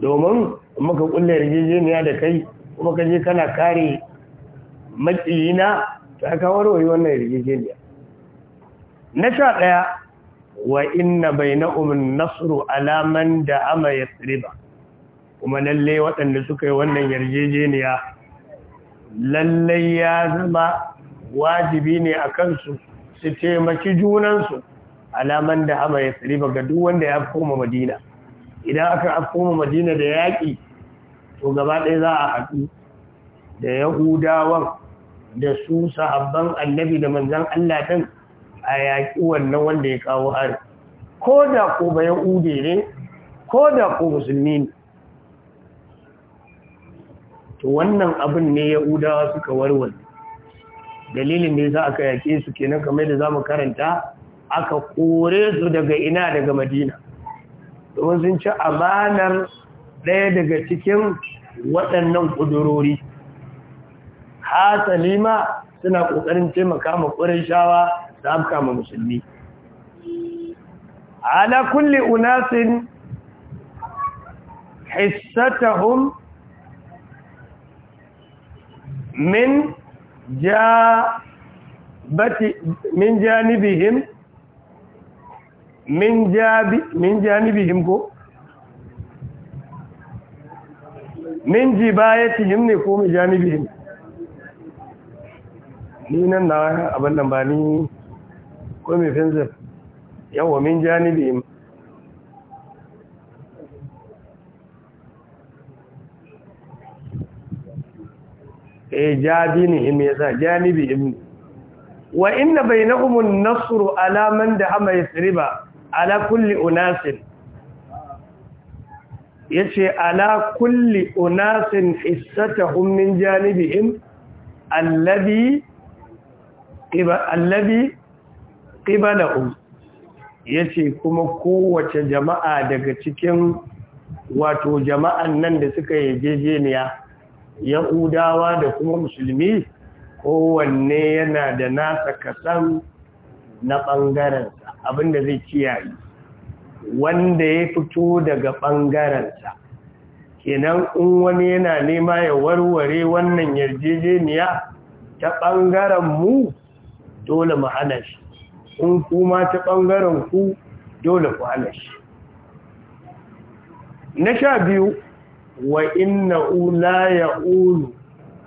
domin maka kulle yarjejeniya da kai kuma ka je kana kare maƙiyina ta ka yi wannan yarjejeniya na sha ɗaya wa inna bai na umin alaman da ama kuma lalle waɗanda suka yi wannan yarjejeniya lallai ya zama wajibi ne a kansu su taimaki junansu alaman da hama ya tsariba ga duk wanda ya koma madina idan aka koma madina da yaƙi to gaba ɗaya za a haɗu da yahudawan da su sahabban annabi da manzan Allah ɗin a yaƙi wannan wanda ya kawo hari ko da ko ba yahude ne ko da ko musulmi ne to wannan abin ne yahudawa suka warware dalilin ne za a yake su kenan kamar da zamu karanta aka kore su daga ina daga madina domin sun ci amanar ɗaya daga cikin waɗannan ƙudurori hasali ma suna ƙoƙarin taimaka ma shawa da afka ma musulmi ala kulli unasin hissatahum min ja bati min janibihim min jabi min janibihim ko min jibayatihim ne ko min janibihim ni nan na abin nan ba ko mai fenzir yawa min janibihim eh jabini ibn eh, yasa janibi ibn wa inna bainahum an-nasr ala man da'ama yasriba ala kulli unasin yace ala kulli unasin hissatuhum min janibihim alladhi alladhi qibalahum yace kuma kowace jama'a daga cikin wato jama'an nan da suka yajejeniya yahudawa da kuma musulmi kowanne yana da nasa kasan na ɓangarensa abinda zai kiyaye wanda ya fito daga ɓangarensa kenan in wani yana nema ya warware wannan yarjejeniya ta ɓangaren mu dole mu hana shi in kuma ta ɓangaren ku dole ku hana shi na sha biyu وإنه لا يقول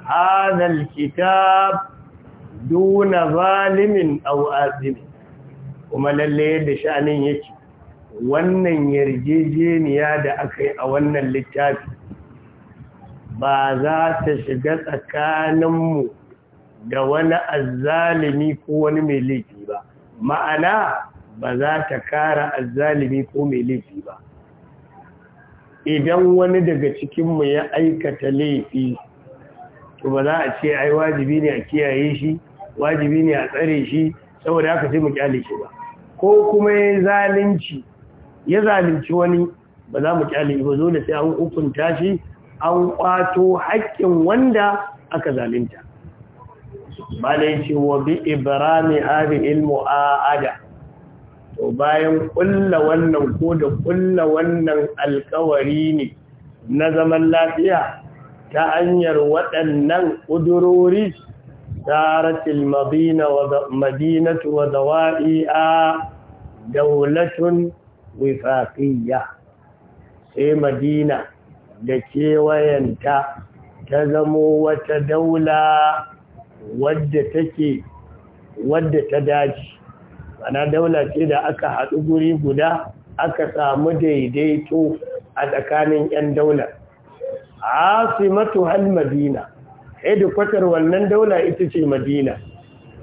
هذا الكتاب دون ظالم أو آثم kuma lalle da sha'anin yake wannan yarjejeniya da aka yi a wannan littafi ba za ta shiga tsakaninmu da wani azzalimi ko wani mai laifi ba ma'ana ba za ta kara azzalimi ko mai laifi ba idan wani daga cikinmu ya aikata laifi to ba za a ce ai wajibi ne a kiyaye shi wajibi ne a tsare shi saboda haka sai mu kyale shi ba ko kuma ya zalunci ya zalunci wani ba za mu kyale ba Dole sai an hukunta shi an kwato haƙƙin wanda aka zalunta ba da yace wa bi ibrami hadhihi al mu'ada to bayan kulla wannan ko da kulla wannan alkawari ne na zaman lafiya ta hanyar waɗannan ƙudurori taratil madina wa madinatu wa dawa'i'a daulatun wifaqiyya sai madina da kewayenta ta zamo wata daula wadda take wadda ta dace. ana daula ce da aka haɗu guri guda aka samu daidaito a tsakanin 'yan daula asimatu hal madina hedikwatar wannan daula ita ce madina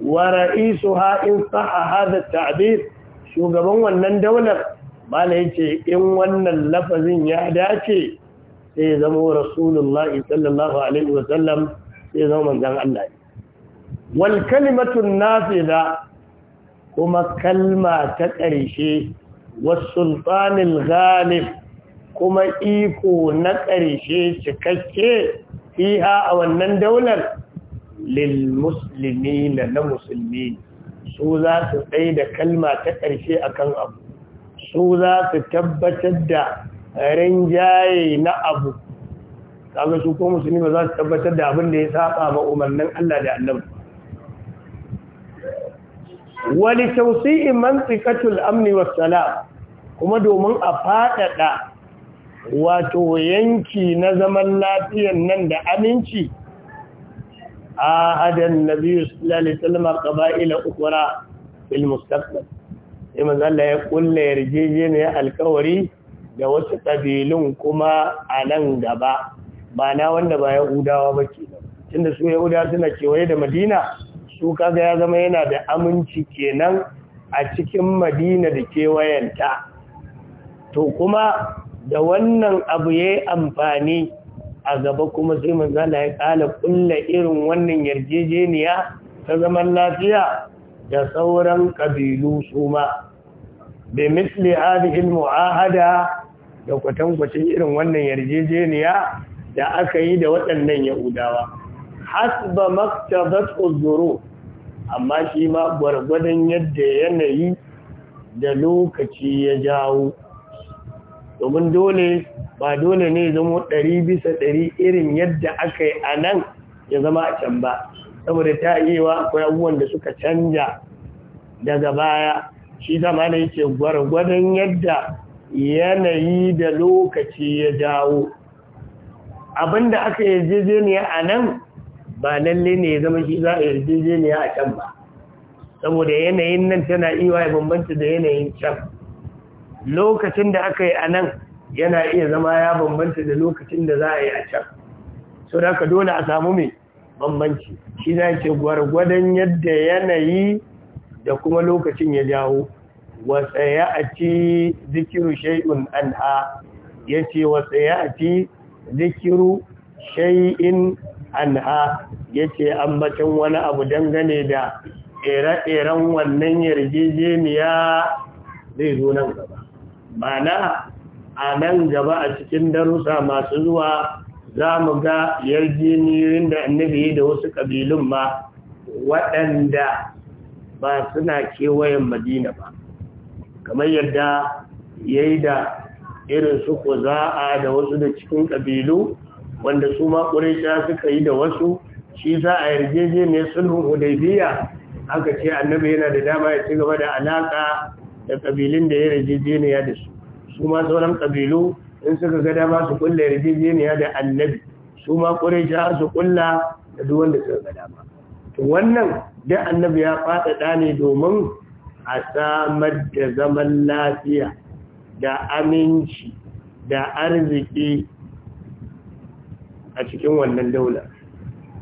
wa ra'isu ha'in saha hada ta'bir shugaban wannan daular bala yace in wannan lafazin ya dace sai ya zama rasulullahi sallallahu alaihi wasallam sai zama Allah wal kalimatu da. kuma kalma ta ƙarshe wasultanil ghalib kuma iko na ƙarshe cikakke fiha a wannan daular lil musulmi na musulmi su za su tsaye da kalma ta ƙarshe akan abu su za su tabbatar da rinjaye na abu kaga ko musulmi ba za su tabbatar da abin da ya saba ma umarnin Allah da Annabi wali tausi'i mantiqatul amni Salam kuma domin a fadada wato yanki na zaman lafiyan nan da aminci ahadan nabiyyu sallallahu alaihi wasallam qaba'ila ukura fil mustaqbal imam Allah ya kulle yarjejeniyar alkawari da wasu kabilun kuma a nan gaba ba na wanda ba yahudawa ba ke tunda su yahudawa suna kewaye da madina su kaga ya zama yana da aminci kenan a cikin madina da kewayenta to kuma da wannan abu ya yi amfani a gaba kuma sai manzala ya kala kulla irin wannan yarjejeniya ta zaman lafiya da sauran kabilu su ma bai misli hadihin mu'ahada da kwatankwacin irin wannan yarjejeniya da aka yi da waɗannan yahudawa hasba maktabat uzuru amma shi ma gwargwadon yadda yanayi da lokaci ya jawo domin dole ba dole ne zama ɗari bisa ɗari irin yadda aka yi a nan ya zama a can ba saboda ta yiwa akwai abubuwan da suka canja daga baya shi zama da yake gwargwadon yadda yanayi da lokaci ya jawo abinda aka yarjejeniya a nan ba lalle ne ya zama shi za a yarjejeniya a can ba saboda yanayin nan tana iya ya bambanta da yanayin can lokacin da aka yi a nan yana iya zama ya bambanta da lokacin da za a yi a can so da ka dole a samu mai bambanci shi za ce gwargwadon yadda yanayi da kuma lokacin ya jawo wasa ya a ci zikiru shai'un an ha ya ce wasa ya a ci zikiru shai'in anha yace ambacin wani abu dangane da ire-iren wannan yarjejeniya zai zo nan gaba mana a nan gaba a cikin darussa masu zuwa za mu ga yarjejeniyoyin da annabi da wasu ƙabilun ma waɗanda ba suna kewayen madina ba kamar yadda ya yi da irin su a da wasu da cikin ƙabilu wanda su ma ƙuraisha suka yi da wasu shi za a yarjejeniyar sulhun hudaybiya aka ce annabi yana da dama ya ci gaba da alaka da ƙabilun da ya yarjejeniya da su su ma sauran ƙabilu in suka ga dama su kulla yarjejeniya da annabi su ma ƙuraisha su kulla da duk wanda suka ga dama wannan da annabi ya faɗaɗa ne domin a samar da zaman lafiya da aminci da arziki a cikin wannan daula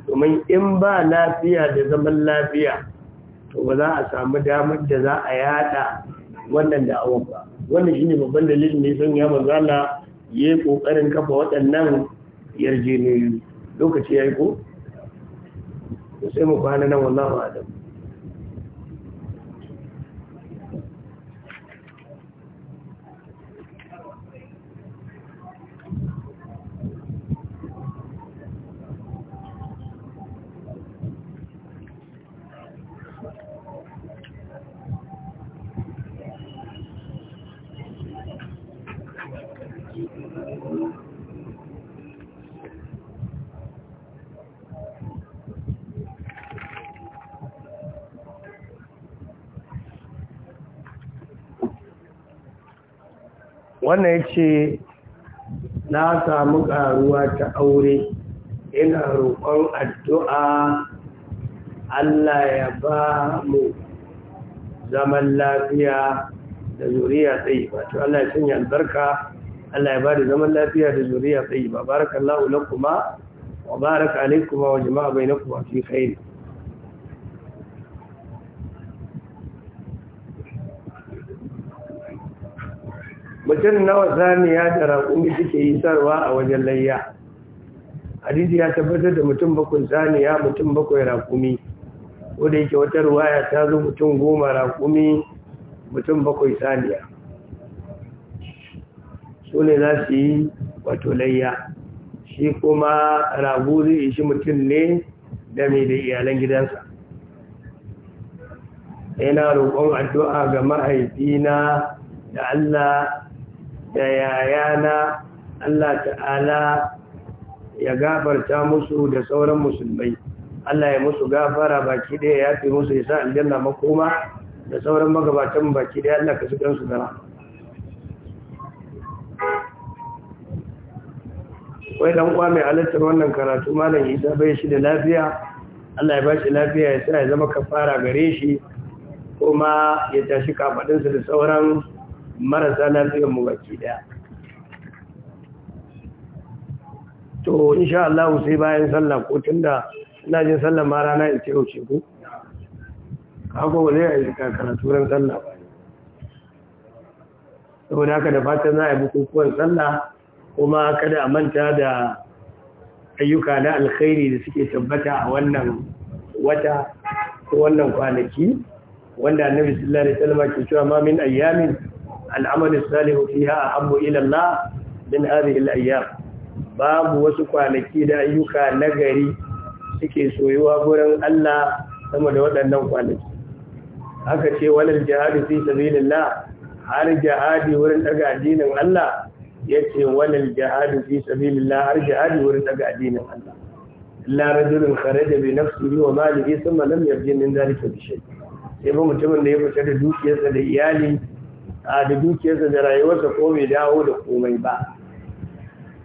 domin in ba lafiya da zaman lafiya to ba za a samu damar da za a yada wannan da'awar ba wannan shine babban dalilin ne sun ya mazala ya yi kokarin kafa waɗannan yarjejeniyoyi lokaci ya yi ko sai mu kwana nan wallahu wannan ya ce na samu ƙaruwa ta aure ina roƙon addu'a Allah ya ba mu zaman lafiya da zuriya tsayi ba to Allah ya sanya albarka Allah ya ba da zaman lafiya da zuriya tsayi ba barakallahu lakuma wa baraka alaikuma wa jama'a bainakuma fi ne. mutum nawa saniya da raƙumi suke yi sarwa a wajen layya hadisi ya tabbatar da mutum bakwai saniya mutum bakwai raƙumi ko yake wata ruwaya ta zo mutum goma raƙumi mutum bakwai saniya su ne za su yi wato layya shi kuma ragu zai ishi mutum ne da mai da iyalan gidansa yana roƙon addu'a ga mahaifina da Allah da yayana Allah ta'ala ya gafarta musu da sauran musulmai Allah ya musu gafara baki ɗaya ya fi musu ya sa aljanna makoma da sauran magabatan baki ɗaya Allah ka su gara. wai dan uwa mai halartar wannan karatu malam isa bai shi da lafiya Allah ya bashi lafiya ya sa ya zama kafara gare shi kuma ya tashi kafadinsa da sauran marasa lafiyar mu baki daya to insha Allah sai bayan sallah ko tunda ina jin sallah ma rana in ce wuce ku hako ba zai yi karatu ran sallah ba saboda haka da fatan za a yi bukukuwan sallah kuma kada a manta da ayyuka na alkhairi da suke tabbata a wannan wata ko wannan kwanaki wanda annabi sallallahu alaihi wasallam ke cewa ma min ayyamin al'amal salihu fiha ahabbu ila Allah min hadhihi al-ayyam babu wasu kwanaki da ayyuka nagari suke soyuwa gurin Allah sama da waɗannan kwanaki aka ce walal jihadu fi sabilillah har jihadi wurin daga addinin Allah yace walal jihadu fi sabilillah har jihadi wurin daga addinin Allah la rajulun kharaja bi nafsihi wa malihi thumma lam yarji min dhalika bi shay sai mutumin da ya fita da dukiyarsa da iyali a da dukiyarsa da rayuwarsa ko bai dawo da komai ba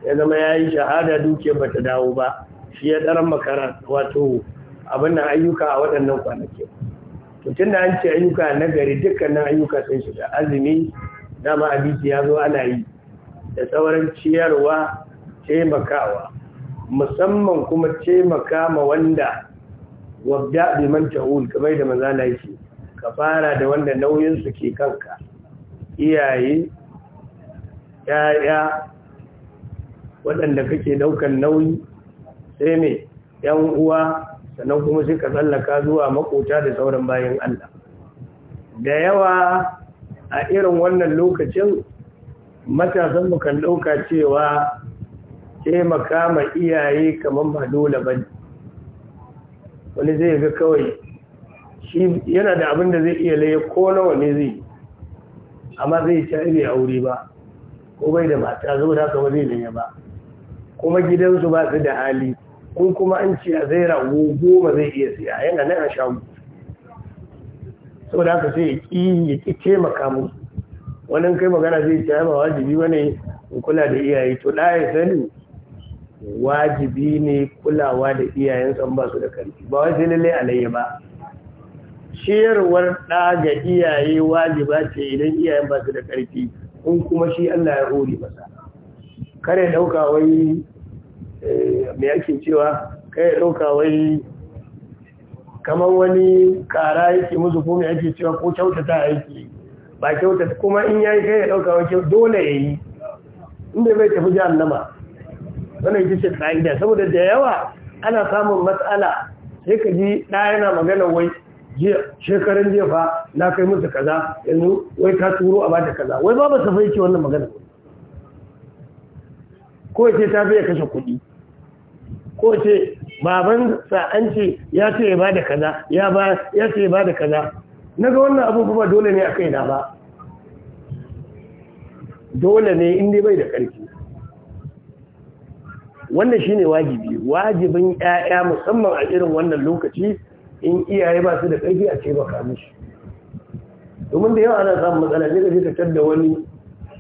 ya zama ya yi shahada dukiyar bata dawo ba shi ya ɗaran makara wato abin ayyuka a waɗannan kwanaki to da an ce ayyuka na gari dukkanin ayyuka sun shiga azumi dama abinci ya zo ana yi da sauran ciyarwa taimakawa musamman kuma taimaka ma wanda wabda biman ta'ul kamar da manzala yake ka fara da wanda nauyinsu ke kanka iyaye ‘ya'ya waɗanda kake ɗaukan nauyi sai mai ‘yan uwa sannan kuma sai ka tsallaka zuwa makota da sauran bayan Allah da yawa a irin wannan lokacin matasan kan ɗauka cewa taimaka ma iyaye kamar ba dole ba wani zai ga kawai shi yana da abin da zai iya laye ko nawa ne zai yi. amma zai ce bai aure ba ko bai da mata saboda haka ba zai nanya ba kuma gidansu ba su da hali kun kuma an ce a zai rago goma zai iya siya yana nan a shamu saboda haka sai ya ƙi ya ƙi taimaka musu wani kai magana zai ta ba wajibi ba ne kula da iyaye to da ya sani wajibi ne kulawa da iyayen san ba su da karfi ba wai sai lallai alayya ba ciyarwar ɗa ga iyaye wajiba ce idan iyayen ba su da ƙarfi in kuma shi Allah ya hori masa kare ɗauka wai eh, me yake cewa kare ɗauka wai kamar wani kara yake musu ko mai ake cewa ko kyautata aiki ba kyautata kuma in yayi kai ɗauka wai dole ya yi inda bai tafi jahannama wannan yake ce ƙa'ida saboda da yawa ana samun matsala sai ka ji ɗa yana magana wai shekaran jiya fa na kai musu kaza yanzu wai ka turo a bata kaza wai ba ba su fahimci wannan magana ko ce ta fiye kashe kuɗi ko ce baban sa an ce ya ce ya ba da kaza ya ba ya ce ya ba da kaza na ga wannan abubuwa dole ne a kai na ba dole ne inda bai da ƙarfi wannan shine wajibi wajibin yaya musamman a irin wannan lokaci in iyaye ba su da ƙarfi a ce ba baka shi domin da yawa ana samun matsala ne ka fitar da wani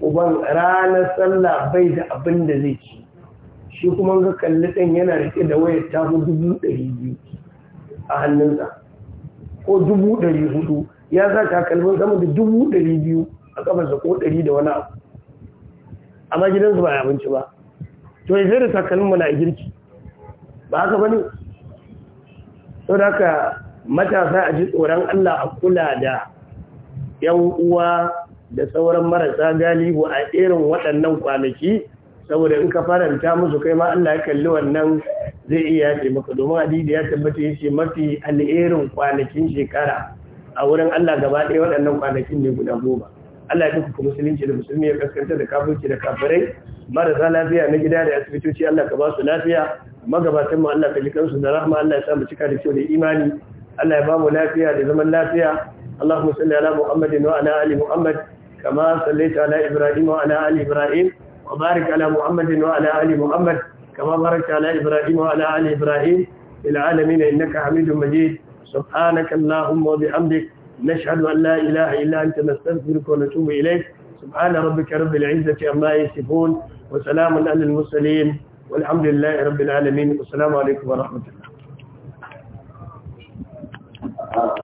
uban ranar sallah bai da abin da zai ci shi kuma ga kalli ɗan yana rike da wayar fi dubu ɗari biyu a hannunsa ko dubu ɗari hudu ya sa takalmin sama da dubu ɗari biyu a kafarsa ko ɗari da wani abu amma gidansu ba abinci ba to ya zai da takalmin mana a girki ba haka ba ne sau da matasa a ji tsoron Allah a kula da ‘yan uwa da sauran marasa galibu a irin waɗannan kwanaki saboda in ka faranta musu kai ma Allah ya kalli wannan zai iya ce maka domin hadidi ya tabbata ya ce mafi alerin kwanakin shekara a wurin Allah gaba ɗaya waɗannan kwanakin ne guda goma Allah ya ɗaukaka musulunci da musulmi ya kaskanta da kafirci da kafirai marasa lafiya na gida da asibitoci Allah ka ba su lafiya magabatan mu Allah ka ji kansu da rahma Allah ya sa mu cika da kyau da imani Allah ya ba mu lafiya da zaman lafiya Allahumma salli ala Muhammadin wa ala ali Muhammad kama sallaita ala Ibrahim wa ala ali Ibrahim wa barik ala Muhammadin wa ala ali Muhammad kama barakta ala Ibrahim wa ala ali Ibrahim fil alamin innaka Hamidum Majid subhanaka Allahumma wa bihamdika نشهد أن لا إله إلا أنت نستغفرك ونتوب إليك سبحان ربك رب العزة عما يصفون وسلام على المرسلين والحمد لله رب العالمين والسلام عليكم ورحمة الله